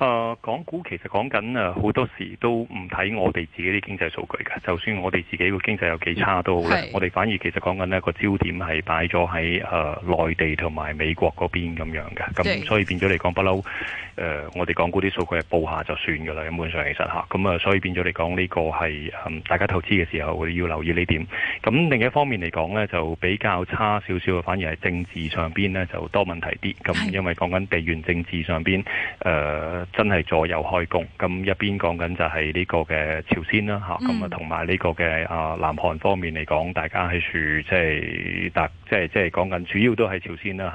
誒、啊、港股其實講緊誒好多時都唔睇我哋自己啲經濟數據㗎，就算我哋自己個經濟有幾差都好咧，我哋反而其實講緊呢、呢個焦點係擺咗喺誒內地同埋美國嗰邊咁樣嘅。咁所以變咗嚟講不嬲誒，我哋港股啲數據係報一下就算㗎啦，根本上其實吓咁啊，所以變咗嚟講呢個係、嗯、大家投資嘅時候我哋要留意呢點。咁另一方面嚟講咧就比較差少少，反而係政治上邊咧就多問題啲，咁因為講緊地緣政治上邊真係左右開弓，咁一邊講緊就係呢個嘅朝鮮啦嚇，咁啊同埋呢個嘅啊南韓方面嚟講，大家喺處即係即係即係講緊主要都係朝鮮啦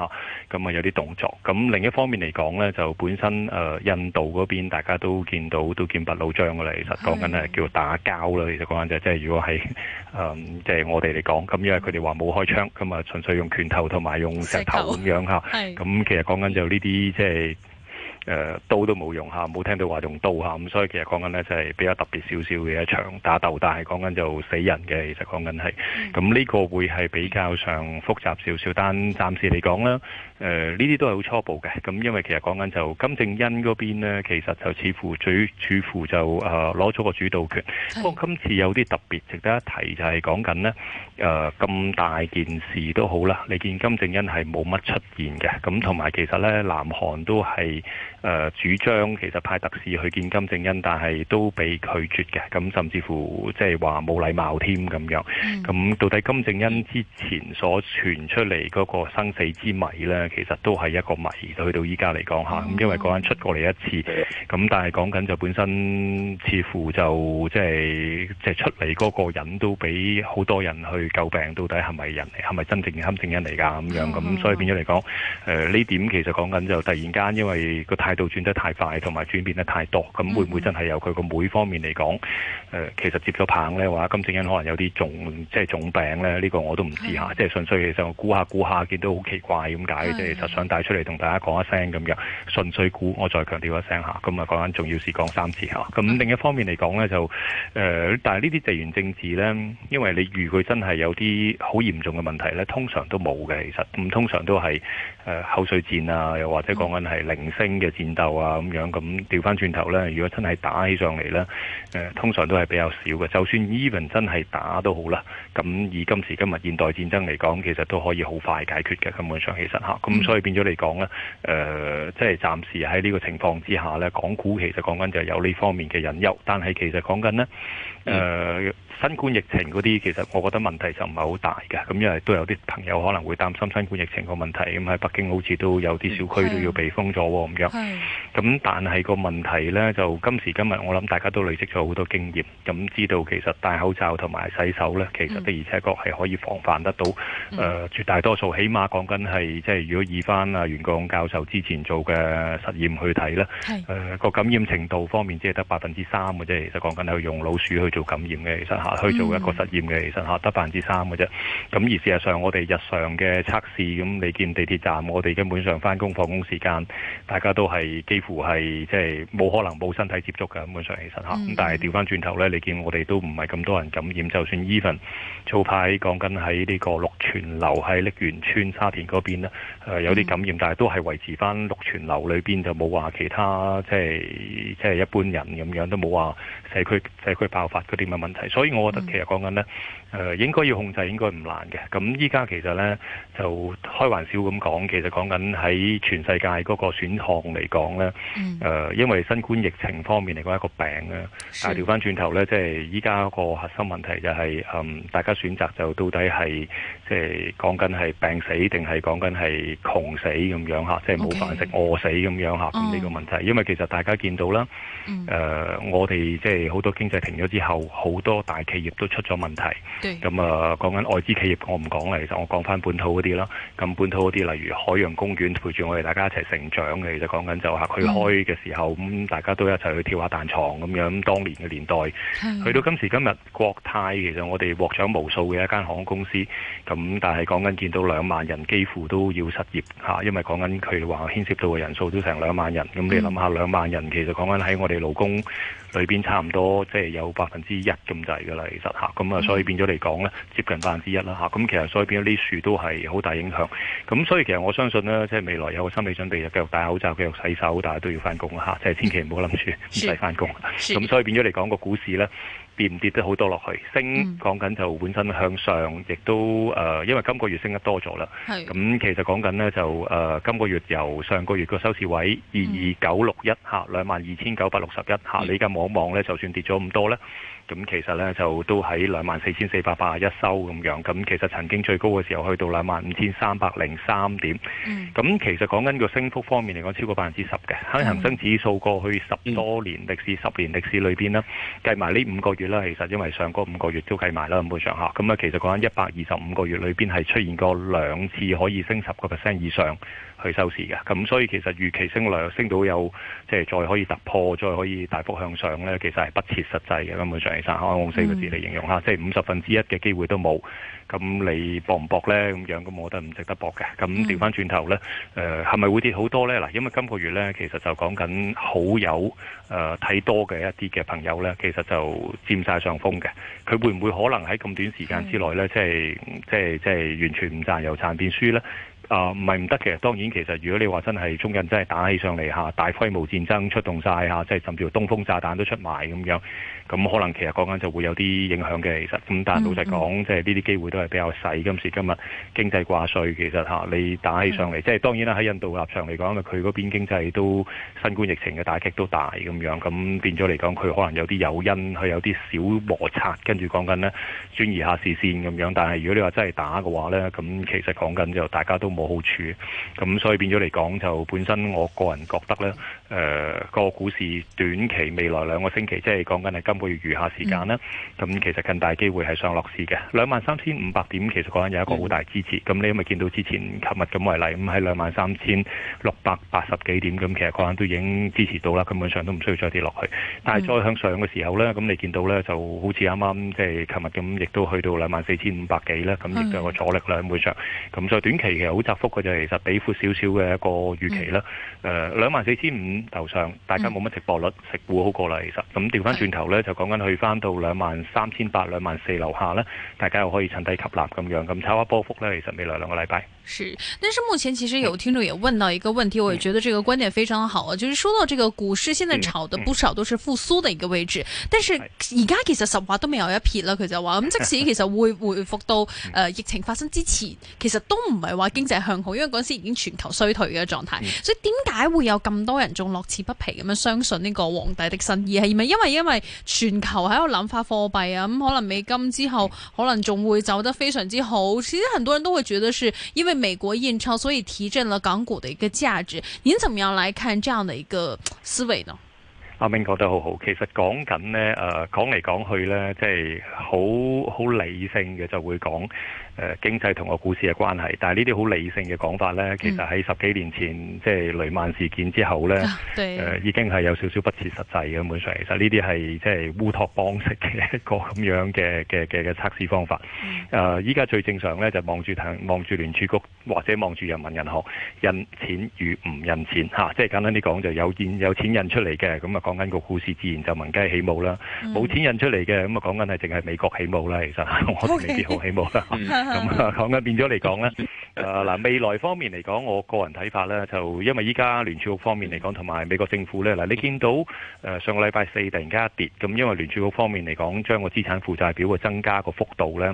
嚇，咁啊有啲動作。咁另一方面嚟講咧，就本身誒、呃、印度嗰邊大家都見到都劍拔弩張㗎啦，其實講緊係叫打交啦，其實講緊就即係如果係誒、嗯、即係我哋嚟講，咁因為佢哋話冇開槍，咁啊純粹用拳頭同埋用石頭咁樣嚇，咁其實講緊就呢啲即係。誒，刀都冇用下，冇聽到話用刀下，咁所以其實講緊呢，就係比較特別少少嘅一場打鬥，但係講緊就死人嘅，其實講緊係，咁呢個會係比較上複雜少少，但暫時嚟講呢，誒呢啲都係好初步嘅，咁因為其實講緊就金正恩嗰邊呢，其實就似乎最似乎就誒攞咗個主導權，不過今次有啲特別值得一提就係講緊呢，誒咁大件事都好啦，你見金正恩係冇乜出現嘅，咁同埋其實呢，南韓都係。誒、呃、主張其實派特使去見金正恩，但係都被拒絕嘅，咁甚至乎即係話冇禮貌添咁樣。咁、嗯、到底金正恩之前所傳出嚟嗰個生死之謎呢？其實都係一個謎，去到依家嚟講下，咁、嗯、因為嗰陣出過嚟一次，咁但係講緊就本身似乎就即係即係出嚟嗰個人都俾好多人去詬病，到底係咪人嚟？係咪真正嘅金正恩嚟㗎？咁樣咁，嗯、所以變咗嚟講，誒、嗯、呢、呃、點其實講緊就突然間因為個太。度轉得太快，同埋轉變得太多，咁會唔會真係由佢個每方面嚟講、嗯呃，其實接咗棒呢話金正恩可能有啲重即係重病咧？呢、呢個我都唔知下、嗯、即係純粹其實我估下估下，見到好奇怪咁解、嗯，即係其實想帶出嚟同大家講一聲咁樣，純粹估，我再強調一聲吓咁啊講緊重要事，講三次吓咁、啊、另一方面嚟講呢，就誒、呃，但係呢啲地緣政治呢，因為你預佢真係有啲好嚴重嘅問題呢，通常都冇嘅，其實咁通常都係誒、呃、口水戰啊，又或者講緊係零星嘅。嗯戰鬥啊，咁樣咁調翻轉頭呢。如果真係打起上嚟呢，通常都係比較少嘅。就算 even 真係打都好啦，咁以今時今日現代戰爭嚟講，其實都可以好快解決嘅。根本上其實嚇咁，所以變咗嚟講呢，誒、呃、即係暫時喺呢個情況之下呢，港股其實講緊就係有呢方面嘅隱憂。但係其實講緊呢。誒、嗯呃、新冠疫情嗰啲，其實我覺得問題就唔係好大嘅。咁、嗯、因為都有啲朋友可能會擔心新冠疫情個問題，咁、嗯、喺北京好似都有啲小區都要被封咗喎，咁、嗯、樣，咁、嗯、但係個問題咧，就今時今日我諗大家都累積咗好多經驗，咁、嗯嗯、知道其實戴口罩同埋洗手咧，其實的而且確係可以防範得到。誒、嗯呃、絕大多數，起碼講緊係即係如果以翻阿袁國勇教授之前做嘅實驗去睇啦，誒個感染程度方面只係得百分之三嘅啫。其實講緊係用老鼠去。做感染嘅，其實吓去做一個實驗嘅，其實吓得百分之三嘅啫。咁而，而事實上，我哋日常嘅測試咁，你見地鐵站，我哋根本上返工放工時間，大家都係幾乎係即係冇可能冇身體接觸嘅，本上其實吓。咁、嗯、但係調返轉頭咧，你見我哋都唔係咁多人感染，就算 even 早排講緊喺呢個祿泉樓喺瀝源邨沙田嗰邊咧，誒有啲感染，嗯、但係都係維持翻祿泉樓裏邊就冇話其他即係即係一般人咁樣，都冇話社區社區爆發。佢哋嘅問題，所以我覺得其實講緊咧，誒應該要控制，應該唔難嘅。咁依家其實咧就開玩笑咁講，其實講緊喺全世界嗰個選項嚟講咧，誒，因為新冠疫情方面嚟講一個病咧，但係調翻轉頭咧，即係依家個核心問題就係，嗯，大家選擇就到底係即係講緊係病死定係講緊係窮死咁樣嚇，即係冇飯食餓死咁樣嚇，咁呢個問題，因為其實大家見到啦，誒，我哋即係好多經濟停咗之後。好多大企業都出咗問題，咁啊講緊外資企業我唔講啦，其實我講翻本土嗰啲啦。咁本土嗰啲例如海洋公園陪住我哋大家一齊成長嘅，其實講緊就係佢開嘅時候，咁大家都一齊去跳下彈牀咁樣。咁當年嘅年代，去到今時今日國泰其實我哋獲獎無數嘅一間航空公司，咁但係講緊見到兩萬人幾乎都要失業嚇，因為講緊佢話牽涉到嘅人數都成兩萬人。咁你諗下兩萬人其實講緊喺我哋勞工裏邊差唔多即係有百分之一咁就噶啦，其實嚇咁啊，所以變咗嚟講咧，接近百分之一啦嚇。咁其實所以變咗啲樹都係好大影響。咁所以其實我相信呢，即係未來有個心理準備，就繼續戴口罩、繼續洗手，但係都要翻工嚇。就、啊、係千祈唔好諗住唔使翻工。咁、嗯、所以變咗嚟講，個股市咧跌唔跌得好多落去。升講、啊、緊就本身向上，亦都誒、呃，因為今個月升得多咗啦。咁其實講緊呢，就誒、呃，今個月由上個月個收市位二二九六一嚇，兩萬二千九百六十一嚇，你而家望一望咧，就算跌咗咁多咧。啊。咁其實咧就都喺兩萬四千四百八十一收咁樣，咁其實曾經最高嘅時候去到兩萬五千三百零三點。咁、嗯、其實講緊個升幅方面嚟講，超過百分之十嘅。喺恒生指數過去十多年歷史、嗯、十年歷史裏邊咧，計埋呢五個月啦，其實因為上個五個月都計埋啦咁嘅上下。咁啊，其實講緊一百二十五個月裏邊係出現過兩次可以升十個 percent 以上。去收市嘅，咁所以其實預期升量升到有，即係再可以突破，再可以大幅向上咧，其實係不切實際嘅。根本上、就是，以三紅四個字嚟形容下、嗯，即係五十分之一嘅機會都冇。咁你搏唔搏咧？咁樣咁我覺得唔值得搏嘅。咁調翻轉頭咧，誒係咪會跌好多咧？嗱，因為今個月咧，其實就講緊好有誒睇、呃、多嘅一啲嘅朋友咧，其實就佔晒上風嘅。佢會唔會可能喺咁短時間之內咧、嗯，即係即係即係完全唔賺又賺變輸咧？啊、呃，唔係唔得，其實當然，其實如果你話真係中印真係打起上嚟，吓，大規模戰爭出動晒吓，即係甚至乎東風炸彈都出埋咁樣，咁可能其實講緊就會有啲影響嘅。其實咁，但係老實講，即係呢啲機會都係比較細。今時今日經濟掛帥其實吓、啊、你打起來上嚟，即、嗯、係、就是、當然啦，喺印度立場嚟講，佢嗰邊經濟都新冠疫情嘅打擊都大咁樣，咁變咗嚟講，佢可能有啲誘因佢有啲小摩擦，跟住講緊咧轉移下視線咁樣。但係如果你話真係打嘅話咧，咁其實講緊就大家都。冇好處，咁所以變咗嚟講，就本身我個人覺得呢誒、呃個股市短期未來兩個星期，即係講緊係今個月餘下時間啦，咁、嗯、其實更大機會係上落市嘅。兩萬三千五百點其實講緊有一個好大支持，咁、嗯、你因為見到之前琴日咁為例，咁喺兩萬三千六百八十幾點咁，其實講緊都已經支持到啦，根本上都唔需要再跌落去。但係再向上嘅時候呢，咁、嗯、你見到呢就好似啱啱即係琴日咁，亦、就是、都去到兩萬四千五百幾咧，咁亦都有個阻力啦，咁會上。咁、嗯、所以短期其實好。窄幅嘅就其實比闊少少嘅一個預期啦，誒兩萬四千五樓上，大家冇乜直播率、嗯，食股好過啦。其實咁調翻轉頭咧，就講緊去翻到兩萬三千八、兩萬四樓下咧，大家又可以趁低吸納咁樣。咁炒一波幅咧，其實未來兩個禮拜。是，但是目前其實有聽眾也問到一個問題、嗯，我也覺得這個觀點非常好啊。就是說到這個股市，現在炒的不少都是復甦嘅一個位置，但是而家其實實話都未有一撇啦。佢就話咁，即使其實會回復到誒、嗯呃、疫情發生之前，其實都唔係話經濟向好，因為嗰時已經全球衰退嘅狀態，所以點解會有咁多人仲樂此不疲咁樣相信呢個皇帝的新衣，係咪因為因為全球喺度濫發貨幣啊？咁可能美金之後可能仲會走得非常之好。其實很多人都會覺得是，因為美國印鈔，所以提振了港股的一個價值。您怎麼樣來看這樣的一個思維呢？阿明覺得好好，其實講緊呢，誒、啊、講嚟講去呢，即係好好理性嘅就會講誒、呃、經濟同個股市嘅關係。但係呢啲好理性嘅講法呢，其實喺十幾年前、嗯、即係雷曼事件之後呢，啊呃、已經係有少少不切實際嘅。基本上，其實呢啲係即係烏托邦式嘅一個咁樣嘅嘅嘅嘅測試方法。誒，依家最正常呢，就望住睇，望住聯儲局或者望住人民銀行印錢與唔印錢、啊、即係簡單啲講，就有有錢印出嚟嘅咁啊。講緊個故事，自然就聞雞起舞啦。冇、嗯、錢印出嚟嘅。咁啊講緊係淨係美國起舞啦。其實我都未必好起舞啦。咁講緊變咗嚟講咧，誒 嗱、啊、未來方面嚟講，我個人睇法咧，就因為依家聯儲局方面嚟講，同、嗯、埋美國政府咧嗱，你見到誒上個禮拜四突然間一跌咁，因為聯儲局方面嚟講，將個資產負債表嘅增加個幅度咧，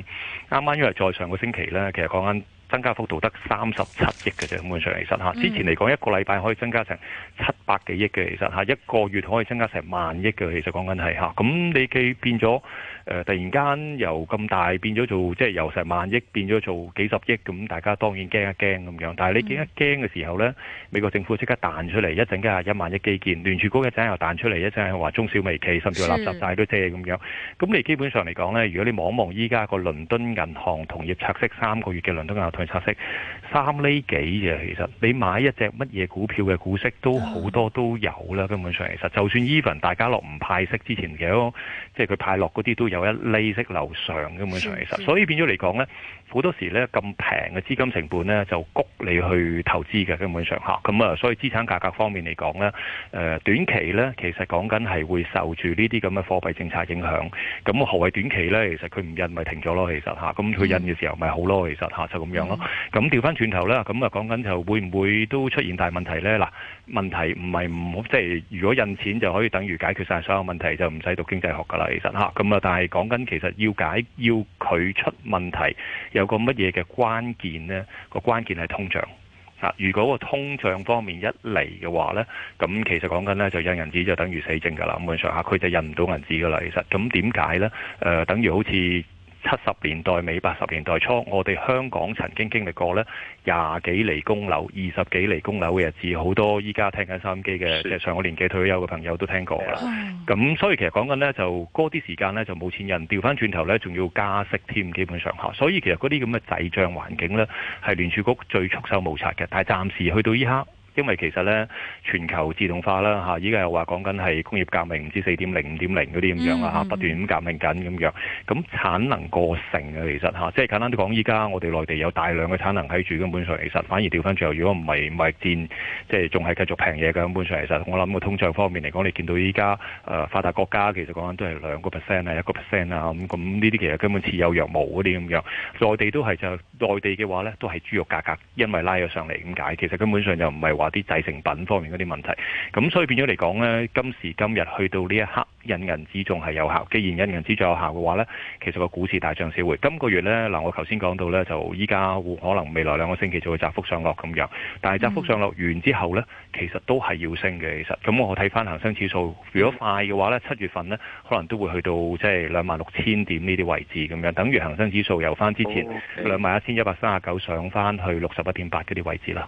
啱啱因為在上個星期咧，其實講緊。增加幅度得三十七億嘅啫，基本上其實嚇，之前嚟講一個禮拜可以增加成七百幾億嘅，其實嚇一個月可以增加成萬億嘅，其實講緊係嚇。咁你既變咗誒、呃，突然間由咁大變咗做，即係由成萬億變咗做幾十億，咁大家當然驚一驚咁樣。但係你驚一驚嘅時候呢，美國政府即刻彈出嚟一陣嘅係一萬億基建，聯儲局，一陣又彈出嚟一陣係話中小微企甚至係垃圾債都啲嘢咁樣。咁你基本上嚟講呢，如果你望望依家個倫敦銀行同業拆息三個月嘅倫敦銀行，拆息三厘幾嘅，其實你買一隻乜嘢股票嘅股息都好多都有啦。根本上其實，就算 even 大家落唔派息之前嘅，即係佢派落嗰啲都有一厘息流上。根本上其實，所以變咗嚟講呢。好多時咧，咁平嘅資金成本咧，就谷你去投資嘅，根本上嚇。咁啊，所以資產價格方面嚟講咧，誒短期咧，其實講緊係會受住呢啲咁嘅貨幣政策影響。咁、啊、何謂短期咧？其實佢唔印咪停咗咯，其實咁佢、啊啊、印嘅時候咪好咯，其實、啊、就咁樣咯。咁調翻轉頭啦，咁啊講緊就會唔會都出現大問題咧？嗱，問題唔係唔好，即、就、係、是、如果印錢就可以等於解決晒所有問題，就唔使讀經濟學噶啦，其實咁啊，但係講緊其實要解要佢出問題。有個乜嘢嘅關鍵呢？個關鍵係通脹。啊，如果個通脹方面一嚟嘅話呢，咁其實講緊呢就印銀紙就等於死證㗎啦。咁上下佢就印唔到銀紙㗎啦。其實咁點解呢？誒，等於好似。七十年代尾、八十年代初，我哋香港曾經經歷過呢廿幾厘供樓、二十幾厘供樓嘅日子，好多依家聽緊收音機嘅上個年紀退休嘅朋友都聽過啦。咁所以其實講緊呢，就嗰啲時間呢，就冇錢人調返轉頭呢，仲要加息添，基本上嚇。所以其實嗰啲咁嘅滯脹環境呢，係聯儲局最束手無策嘅。但係暫時去到依刻。因為其實咧，全球自動化啦嚇，依家又話講緊係工業革命，唔知四點零、五點零嗰啲咁樣啦嚇，不斷咁革命緊咁樣。咁產能過剩啊，其實嚇，即係簡單啲講，依家我哋內地有大量嘅產能喺住，根本上其實反而調翻轉。如果唔係唔係戰，即係仲係繼續平嘢嘅，根本上其實我諗個通脹方面嚟講，你見到依家誒發達國家其實講緊都係兩個 percent 啊，一個 percent 啊咁。咁呢啲其實根本似有若無嗰啲咁樣。內地都係就內地嘅話咧，都係豬肉價格因為拉咗上嚟，點解其實根本上就唔係。話啲製成品方面嗰啲問題，咁所以變咗嚟講呢，今時今日去到呢一刻，印銀紙仲係有效。既然印銀紙最有效嘅話呢，其實個股市大漲小回。今個月呢，嗱我頭先講到呢，就依家可能未來兩個星期就會窄幅上落咁樣。但係窄幅上落完之後呢，其實都係要升嘅。其實咁我睇翻恒生指數，如果快嘅話呢，七月份呢可能都會去到即係兩萬六千點呢啲位置咁樣，等於恒生指數由翻之前兩萬一千一百三十九上翻去六十一點八嗰啲位置啦。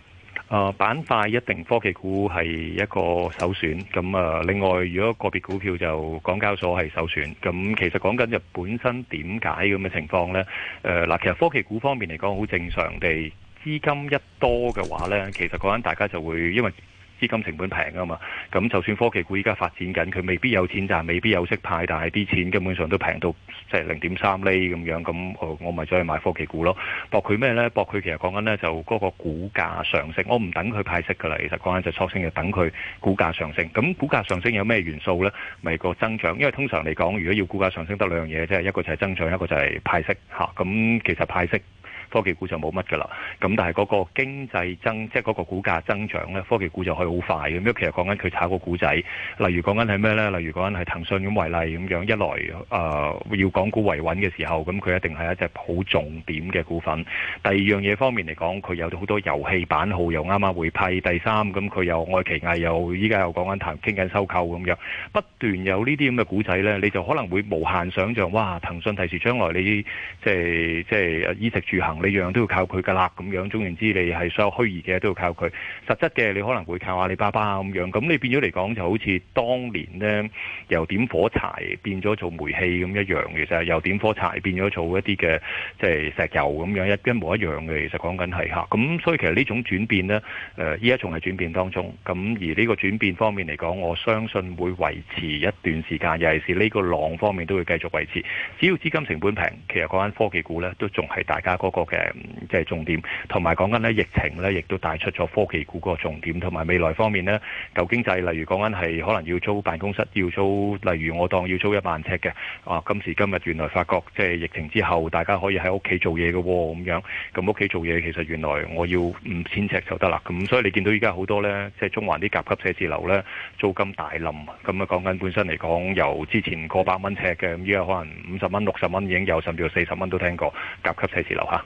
啊，板塊一定科技股係一個首選，咁啊，另外如果個別股票就港交所係首選，咁其實講緊就本身點解咁嘅情況呢？誒、啊、嗱，其實科技股方面嚟講，好正常地資金一多嘅話呢，其實講緊大家就會因為。資金成本平啊嘛，咁就算科技股依家發展緊，佢未必有錢賺，未必有息派，但係啲錢基本上都平到即係零點三厘咁樣，咁我我咪再去買科技股咯，博佢咩呢？博佢其實講緊呢就嗰個股價上升，我唔等佢派息㗎啦。其實講緊就初升就等佢股價上升。咁股價上升有咩元素呢？咪、就是、個增長，因為通常嚟講，如果要股價上升得兩樣嘢，即係一個就係增長，一個就係派息嚇。咁、啊、其實派息。科技股就冇乜噶啦，咁但係嗰個經濟增，即係嗰個股價增長咧，科技股就可以好快咁樣。其實講緊佢炒個股仔，例如講緊係咩咧？例如講緊係騰訊咁為例咁樣，一來誒、呃、要港股維穩嘅時候，咁佢一定係一隻好重點嘅股份。第二樣嘢方面嚟講，佢有好多遊戲版號又啱啱回批。第三咁佢又愛奇藝又依家又講緊傾緊收購咁樣，不斷有這這呢啲咁嘅股仔咧，你就可能會無限想像哇！騰訊提示將來你即即係衣食住行。你樣都要靠佢㗎喇，咁樣總言之，你係所有虛擬嘅都要靠佢，實質嘅你可能會靠阿里巴巴咁樣。咁你變咗嚟講，就好似當年呢由點火柴變咗做煤氣咁一樣，其實由點火柴變咗做一啲嘅即係石油咁樣一一模一樣嘅。其實講緊係吓。咁所以其實呢種轉變呢，誒依家仲係轉變當中。咁而呢個轉變方面嚟講，我相信會維持一段時間，尤其是呢個浪方面都會繼續維持。只要資金成本平，其實嗰間科技股呢，都仲係大家嗰個。嘅即係重點，同埋講緊咧疫情咧，亦都帶出咗科技股個重點，同埋未來方面呢，舊經濟例如講緊係可能要租辦公室，要租例如我當要租一萬尺嘅，啊今時今日原來發覺即係疫情之後，大家可以喺屋企做嘢嘅咁樣，咁屋企做嘢其實原來我要五千尺就得啦，咁所以你見到依家好多呢，即係中環啲甲級寫字樓呢，租金大冧，咁啊講緊本身嚟講由之前過百蚊尺嘅，咁依家可能五十蚊、六十蚊已經有，甚至四十蚊都聽過甲級寫字樓嚇。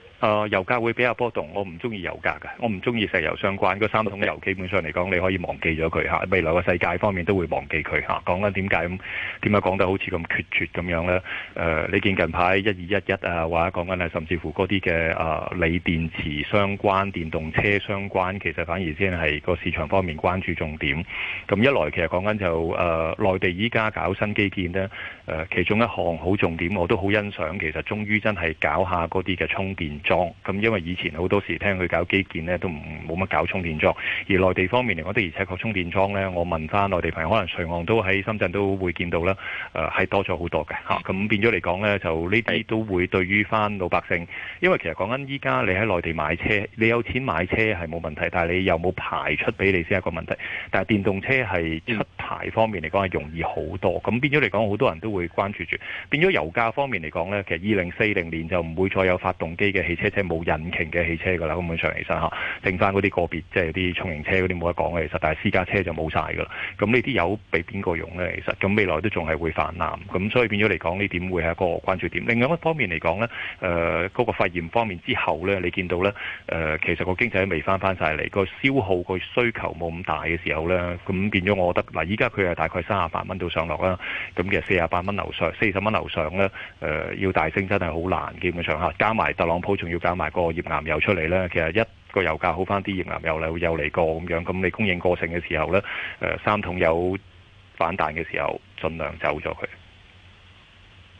誒，油價會比較波動，我唔中意油價㗎，我唔中意石油相關個三桶油，基本上嚟講你可以忘記咗佢嚇，未來個世界方面都會忘記佢嚇。講緊點解咁，點解講得好似咁決絕咁樣呢？誒、啊，你見近排一二一一啊，或者講緊係甚至乎嗰啲嘅誒鋰電池相關、電動車相關，其實反而先係個市場方面關注重點。咁一來其實講緊就誒、啊，內地依家搞新基建呢，誒、啊、其中一項好重點，我都好欣賞，其實終於真係搞下嗰啲嘅充電。咁因為以前好多時聽佢搞基建呢，都唔冇乜搞充電樁。而內地方面嚟講，的而且確充電樁呢，我問翻內地朋友，可能隨岸都喺深圳都會見到啦。誒、呃，係多咗好多嘅咁、啊、變咗嚟講呢，就呢啲都會對於翻老百姓，因為其實講緊，依家你喺內地買車，你有錢買車係冇問題，但係你又有冇排出俾你先係一個問題。但係電動車係出牌方面嚟講，係容易好多。咁變咗嚟講，好多人都會關注住。變咗油價方面嚟講呢，其實二零四零年就唔會再有發動機嘅汽車車冇引擎嘅汽車㗎啦，根本上嚟身嚇，剩翻嗰啲個別，即係啲重型車嗰啲冇得講嘅其實，但係私家車就冇晒㗎啦。咁呢啲油俾邊個用咧？其實咁未來都仲係會泛濫，咁所以變咗嚟講呢，點會係一個關注點。另外一方面嚟講咧，誒、呃、嗰、個肺炎方面之後咧，你見到咧，誒、呃、其實個經濟未翻翻晒嚟，個消耗個需求冇咁大嘅時候咧，咁變咗我覺得嗱，依家佢係大概三十八蚊到上落啦，咁其實四十八蚊樓上，四十蚊樓上咧，誒、呃、要大升真係好難，基本上嚇，加埋特朗普仲要搞埋個頁岩油出嚟咧，其實一個油價好翻啲頁岩油又嚟過。咁樣，咁你供應過剩嘅時候咧、呃，三桶油反彈嘅時候，盡量走咗佢。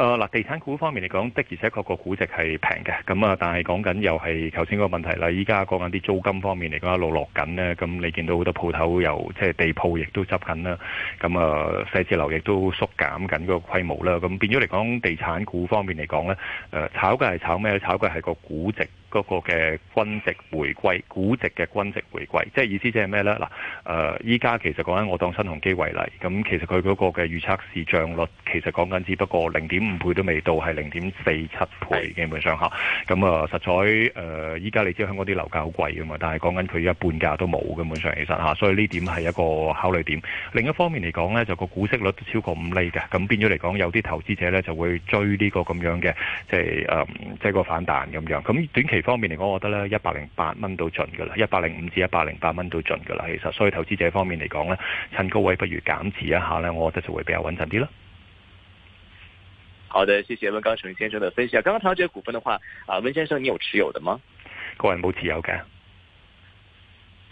誒嗱，地產股方面嚟講的而且確個估值係平嘅，咁啊，但係講緊又係頭先個問題啦。依家講緊啲租金方面嚟講一路落緊咧，咁你見到好多鋪頭又即係地鋪亦都執緊啦，咁啊，寫字樓亦都縮減緊個規模啦，咁變咗嚟講地產股方面嚟講咧，誒炒嘅係炒咩？炒嘅係個估值。嗰、那個嘅均值回歸，估值嘅均值回歸，即係意思即係咩呢？嗱、呃，誒依家其實講緊我當新鴻基為例，咁其實佢嗰個嘅預測市賬率其實講緊只不過零點五倍都未到，係零點四七倍基本上嚇。咁啊實在誒依家你知香港啲樓價好貴㗎嘛，但係講緊佢一半價都冇根本上其實嚇、啊，所以呢點係一個考慮點。另一方面嚟講呢，就個股息率都超過五厘嘅，咁變咗嚟講有啲投資者呢就會追呢個咁樣嘅，即係誒即係個反彈咁樣。咁短期方面嚟講，我覺得咧一百零八蚊到盡噶啦，一百零五至一百零八蚊到盡噶啦。其實，所以投資者方面嚟講咧，趁高位不如減持一下咧，我覺得就會比較穩陣啲啦。好的，謝謝溫鋼城先生的分析。剛剛提到這些股份的話，啊，溫先生你有持有的嗎？個人冇持有嘅。